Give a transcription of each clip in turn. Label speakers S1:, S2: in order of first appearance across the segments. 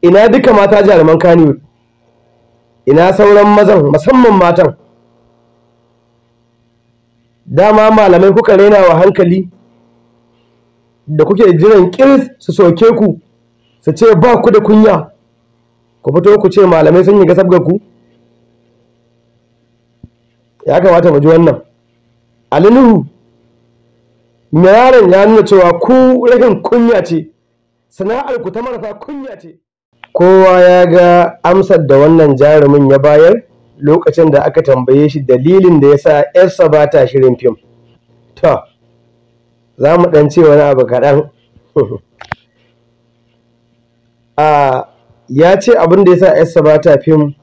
S1: ina duka mata jaruman kaniwood ina sauran mazan musamman matan dama malamai kuka raina wa hankali da kuke jiran kin su soke ku su ce ba ku da kunya ku fito ku ce malamai sun yi gasabgar ku ya kamata mu ji wannan alinuhu yaron ya nuna cewa ku rahin kunya ce sana'ar ku ta marasa kunya ce kowa ya ga amsar da wannan jarumin ya bayar lokacin da aka tambaye shi dalilin da ya sa yarsa ba ta shirin fim to za mu ɗan ce wani abu kaɗan ya ce abin da ya sa yarsa ba ta fim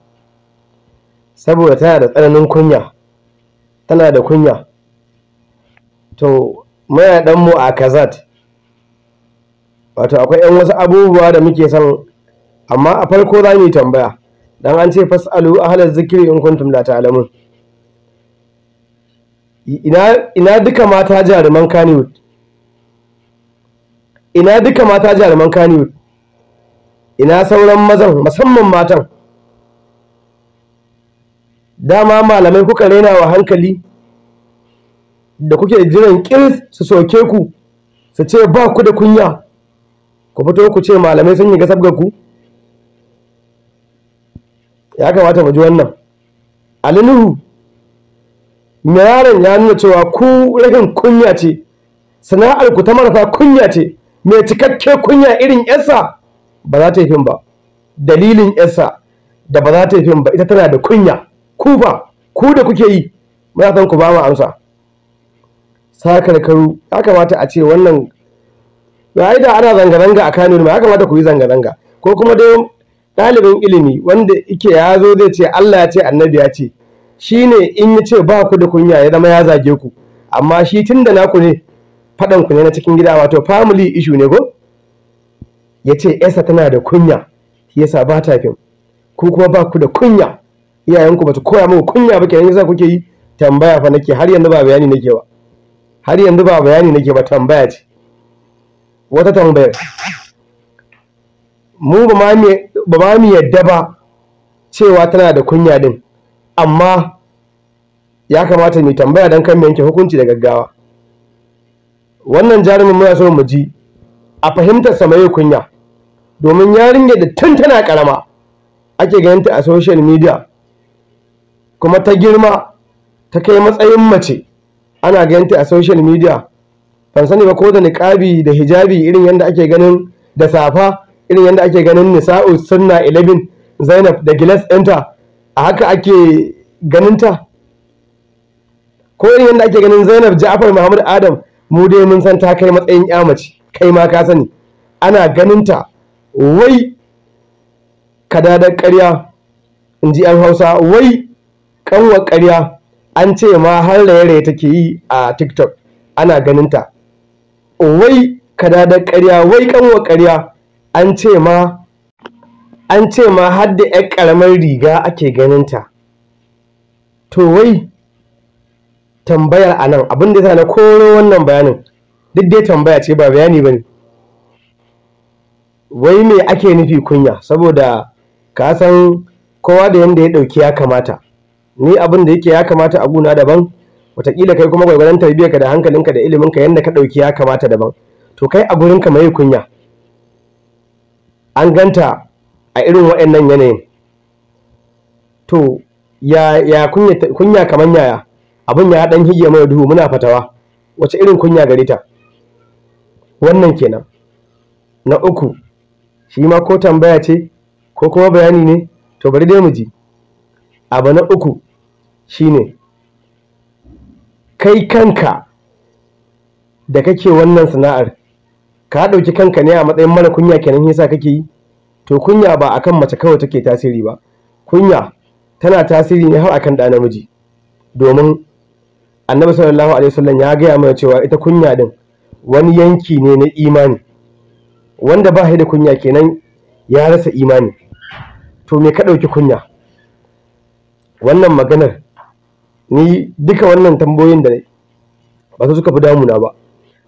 S1: saboda tana da tsananin kunya tana da kunya to muna ɗanmu a kazat wato akwai 'yan wasu abubuwa da muke son amma a farko za mu yi tambaya dan an ce fasalu ahla zikri in kuntum la ta'lamun ina ina duka mata jaruman ina duka mata jaruman Kannywood ina sauran mazan musamman matan dama malamai kuka raina wa hankali da kuke jiran ƙir su soke ku su ce ba ku da kunya ku fito ku ce malamai sun yi ga ku ya kamata mu ji wannan alinuhu yaron ya nuna cewa ku rikin kunya ce sana'ar ku ta marasa kunya ce mai cikakke kunya irin yasa ba za ta yi fim ba dalilin yasa da ba za ta yi fim ba ita tana da kunya ku ba ku da kuke yi muna san ku ba mu amsa Sakar karu. ya kamata a ce wannan ya da ana zanga-zanga a kano ya kamata ku yi zanga-zanga ko kuma dai ɗalibin ilimi wanda ike ya zo zai ce Allah ya ce annabi ya ce shine in ya ce ba ku da kunya ya zama ya zage ku amma shi tun da naku ne faɗan ku ne na cikin gida wato family issue ne ko ya ce yasa tana da kunya yasa ba ta fim ku kuma ba ku da kunya iyayenku ba ta koya muku kunya ba kenan yasa kuke yi tambaya fa nake har yanzu ba bayani nake ba har yanzu ba bayani nake ba tambaya ce wata tambayar mu ba ma me ba ba mu yadda ba cewa tana da kunya din amma ya kamata mu tambaya dan kan yanke hukunci da gaggawa wannan jarumin muna so mu ji a fahimtar sa mai kunya domin yarinya da tun tana karama ake ganin ta a social media kuma ta girma ta kai matsayin mace ana ganin ta a social media ban sani ba ko da niqabi da hijabi irin yadda ake ganin da safa irin yadda ake ganin nisa'u sunna 11 zainab da gilas ɗinta a haka ake ganinta ko irin yadda ake ganin zainab ja'afar muhammad adam mu dai mun san ta kai matsayin ya mace kai ma ka sani ana ganinta wai kadadar ƙarya in ji 'yan hausa wai ƙanwar ƙarya an ce ma har raye-raye take yi a tiktok ana ganinta wai kadadar ƙarya wai ƙanwar ƙarya an ce ma an ce ma har da 'yar ƙaramar riga ake ganinta to wai tambayar anan. nan abin da na koro wannan bayanin duk dai tambaya ce ba bayani ba ne wai me ake nufi kunya saboda ka san kowa da yadda ya ɗauki ya kamata ni abin da yake ya kamata a guna daban wataƙila kai kuma gwargwaron tarbiyyarka da hankalinka da iliminka yadda ka ɗauki ya kamata daban to kai a gurinka mai kunya an ganta a irin waɗannan yanayin to ya kunya kamar yaya abin ya dan hige mai duhu muna fatawa wace irin kunya gare ta wannan kenan na uku shi ma ko tambaya ce ko kuma bayani ne to bari dai mu ji abu na uku shine kai kanka da kake wannan sana'ar ka ɗauki kanka ne a matsayin mara kunya kenan yasa kake yi to kunya ba akan mace kawai take tasiri ba kunya tana tasiri ne har akan ɗa namiji domin annabi sallallahu alaihi wasallam ya gaya mana cewa ita kunya din wani yanki ne na imani wanda ba haida kunya kenan ya rasa imani to me ka ɗauki kunya wannan maganar ni duka wannan tambayoyin da ba su suka fi damuna ba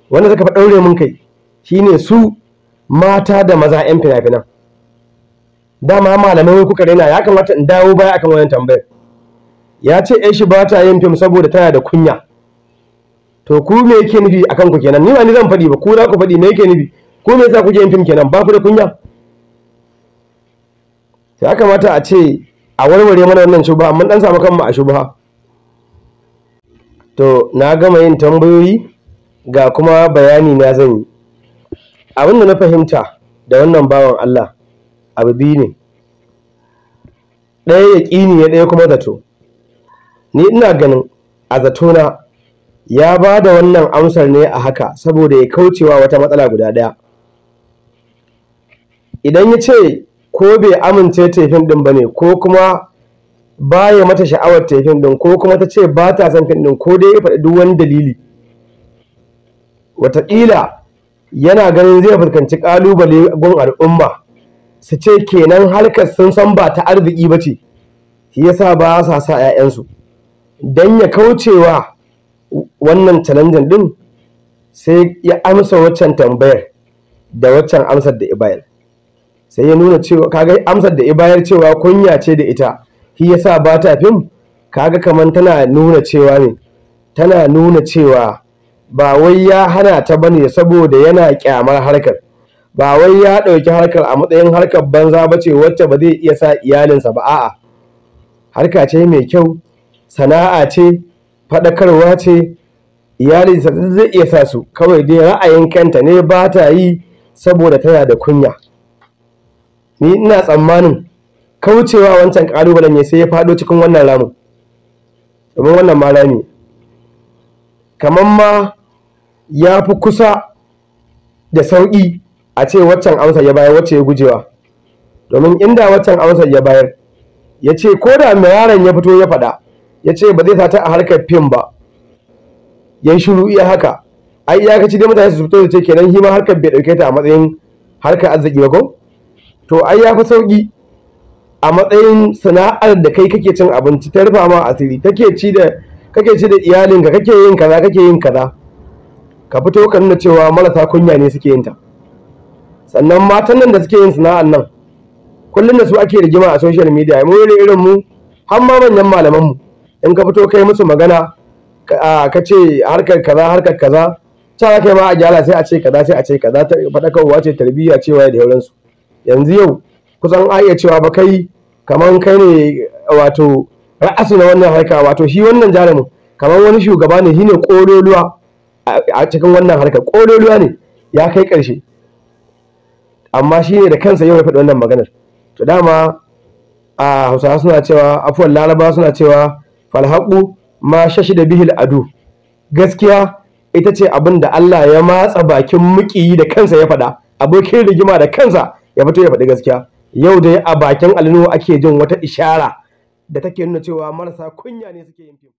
S1: wanda suka fi ɗaure mun kai shine su mata da maza 'yan fina-finan dama malamai kuka raina ya kamata in dawo baya akan wannan tambayar ya ce yan shi ba ta yin fim saboda tana da kunya to ku me yake nufi akan ku kenan ni ba ni zan faɗi ba ku za ku faɗi me yake nufi ku me yasa kuke yin fim kenan ba ku da kunya ya kamata a ce a warware mana wannan shubha mun dan samu kanmu a shubha to na gama yin tambayoyi ga kuma bayani na zan yi abin da na fahimta da wannan bawan Allah abu biyu ne ɗaya ya yaƙini ya ɗaya kuma zato ni ina ganin a zatona ya ba da wannan amsar ne a haka saboda ya kaucewa wata matsala guda ɗaya idan ya ce ko bai amince tefin ɗin ba ne ko kuma ba ya mata sha'awar tefin ɗin ko kuma ta ce ba ta son fin ɗin ko dai ya faɗi duk wani dalili wataƙila yana ganin zai fuskanci ƙalubale gun al'umma su ce kenan harkar sun san ba ta arziki ba ce shi yasa ba sa sa 'ya'yansu don ya kaucewa wannan challenge din sai ya amsa waccan tambayar da waccan amsar da ibayar sai ya nuna cewa kaga amsar da ibayar cewa kunya ce da ita shi yasa ba ta fim kaga kaman tana nuna cewa ne tana nuna cewa ba wai ya hana ta bane saboda yana kyamar harkar ba wai ya ɗauki harkar a matsayin harkar banza ba ce wacce ba zai iya sa iyalinsa ba a'a harka ce mai kyau sana'a ce faɗakarwa ce iyalinsa zai iya sa su kawai dai ra'ayin kanta ne ba ta yi saboda tana da kunya ni ina tsammanin kaucewa wancan ƙalubalen ne sai ya faɗo cikin wannan ramin domin wannan ma rami kamar ma ya fi kusa da sauƙi a ce waccan amsa ya bayar wacce ya gujewa domin inda waccan amsa ya bayar ya ce ko da miraren ya fito ya faɗa ya ce ba zai sata a harkar fim ba ya yi shiru iya haka ai kaci dai mutane su fito da ce kenan hima harkar bai ɗauke ta a matsayin harkar arziki ba ko to ai ya fi sauƙi a matsayin sana'ar da kai kake cin abinci ta rufa ma asiri take ci da kake ci da iyalinka kake yin kaza kake yin kaza ka fito ka nuna cewa marasa kunya ne suke yin ta sannan matan nan da suke yin sana'an nan kullum da su ake rigima a social media mu ne irin mu har ma manyan malaman mu in ka fito kai musu magana ka ce harkar kaza harkar kaza ta kai ma a gyara sai a ce kaza sai a ce kaza ta ce tarbiyya cewa da yauransu yanzu yau kusan a iya cewa ba kai kaman kai ne wato Ra'asi na wannan harka wato shi wannan jarumin kamar wani shugaba ne shine kororuwa a cikin wannan harka kololuwa ne ya kai karshe amma shi ne da kansa yau ya faɗi wannan maganar to dama a hausawa suna cewa afuwan laraba suna cewa falhaƙu ma shashi da bihil adu gaskiya ita ce abin da Allah ya matsa bakin muƙiyi da kansa ya faɗa abokin rigima da kansa ya fito ya faɗi gaskiya yau dai a bakin alinu ake jin wata ishara da take nuna cewa marasa kunya ne suke yin fim.